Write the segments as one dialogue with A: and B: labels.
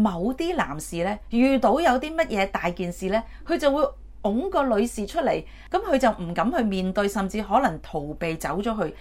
A: 某啲男士呢，遇到有啲乜嘢大件事呢，佢就會拱個女士出嚟，咁佢就唔敢去面對，甚至可能逃避走咗去。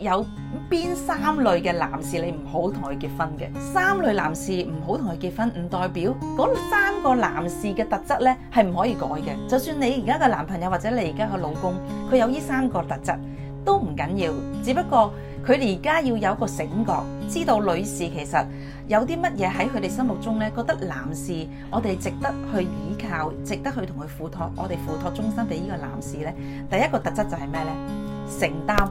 A: 有邊三類嘅男士你唔好同佢結婚嘅，三類男士唔好同佢結婚，唔代表嗰三個男士嘅特質呢係唔可以改嘅。就算你而家嘅男朋友或者你而家嘅老公，佢有呢三個特質都唔緊要，只不過佢而家要有一個醒覺，知道女士其實有啲乜嘢喺佢哋心目中呢，覺得男士我哋值得去依靠，值得去同佢付託。我哋付託終身俾呢個男士呢，第一個特質就係咩呢？承擔。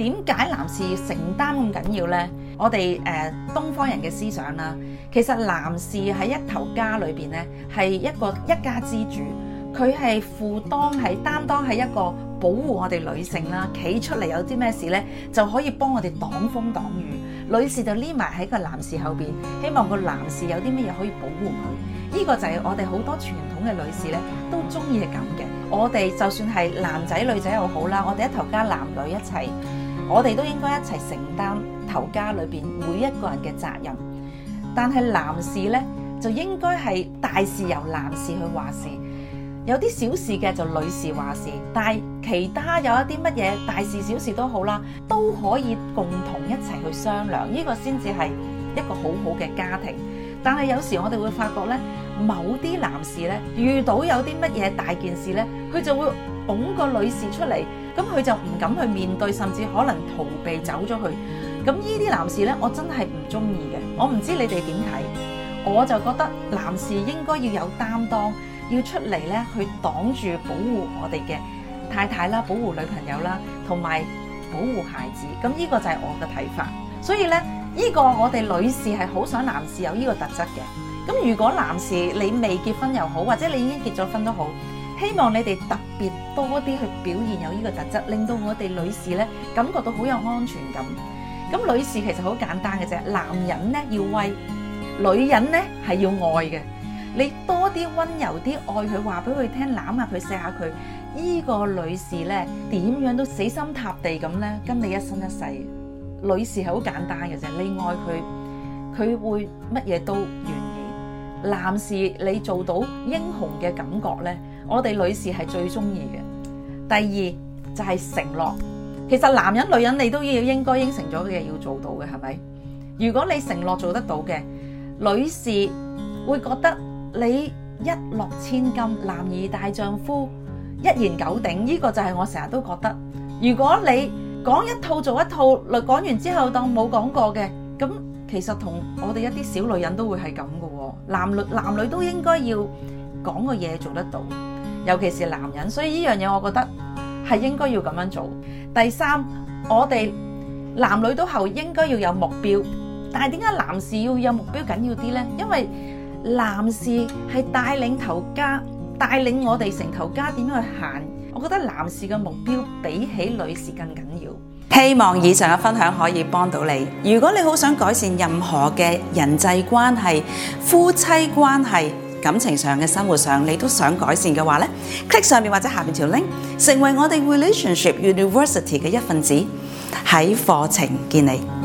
A: 點解男士要承擔咁緊要呢？我哋誒、呃、東方人嘅思想啦，其實男士喺一頭家裏邊呢，係一個一家之主，佢係負當係擔當係一個保護我哋女性啦。企出嚟有啲咩事呢，就可以幫我哋擋風擋雨。女士就匿埋喺個男士後邊，希望個男士有啲咩嘢可以保護佢。呢、這個就係我哋好多傳統嘅女士呢，都中意係咁嘅。我哋就算係男仔女仔又好啦，我哋一頭家男女一齊。我哋都應該一齊承擔頭家裏邊每一個人嘅責任，但係男士呢，就應該係大事由男士去話事，有啲小事嘅就女士話事，但係其他有一啲乜嘢大事小事都好啦，都可以共同一齊去商量，呢個先至係一個好好嘅家庭。但係有時我哋會發覺咧，某啲男士咧遇到有啲乜嘢大件事咧，佢就會拱個女士出嚟，咁佢就唔敢去面對，甚至可能逃避走咗去。咁呢啲男士咧，我真係唔中意嘅。我唔知你哋點睇，我就覺得男士應該要有擔當，要出嚟咧去擋住、保護我哋嘅太太啦，保護女朋友啦，同埋保護孩子。咁呢個就係我嘅睇法。所以咧。呢、個我哋女士係好想男士有呢個特質嘅，咁如果男士你未結婚又好，或者你已經結咗婚都好，希望你哋特別多啲去表現有呢個特質，令到我哋女士呢感覺到好有安全感。咁女士其實好簡單嘅啫，男人呢要威，女人呢係要愛嘅。你多啲溫柔啲愛佢，話俾佢聽，攬下佢，錫下佢，呢、個女士呢點樣都死心塌地咁呢，跟你一生一世。女士係好簡單嘅，就係你愛佢，佢會乜嘢都願意。男士你做到英雄嘅感覺呢，我哋女士係最中意嘅。第二就係承諾，其實男人女人你都要應該應承咗嘅嘢要做到嘅，係咪？如果你承諾做得到嘅，女士會覺得你一諾千金，男兒大丈夫一言九鼎，呢個就係我成日都覺得。如果你講一套做一套，講完之後當冇講過嘅，咁其實同我哋一啲小女人都會係咁嘅。男女男女都應該要講個嘢做得到，尤其是男人，所以呢樣嘢我覺得係應該要咁樣做。第三，我哋男女都好應該要有目標，但係點解男士要有目標緊要啲呢？因為男士係帶領頭家，帶領我哋成頭家點樣去行。我覺得男士嘅目標比起女士更重要。希望以上嘅分享可以幫到你。如果你好想改善任何嘅人際關係、夫妻關係、感情上嘅生活上，你都想改善嘅話呢 click 上面或者下面條 link，成為我哋 relationship university 嘅一份子，喺課程見你。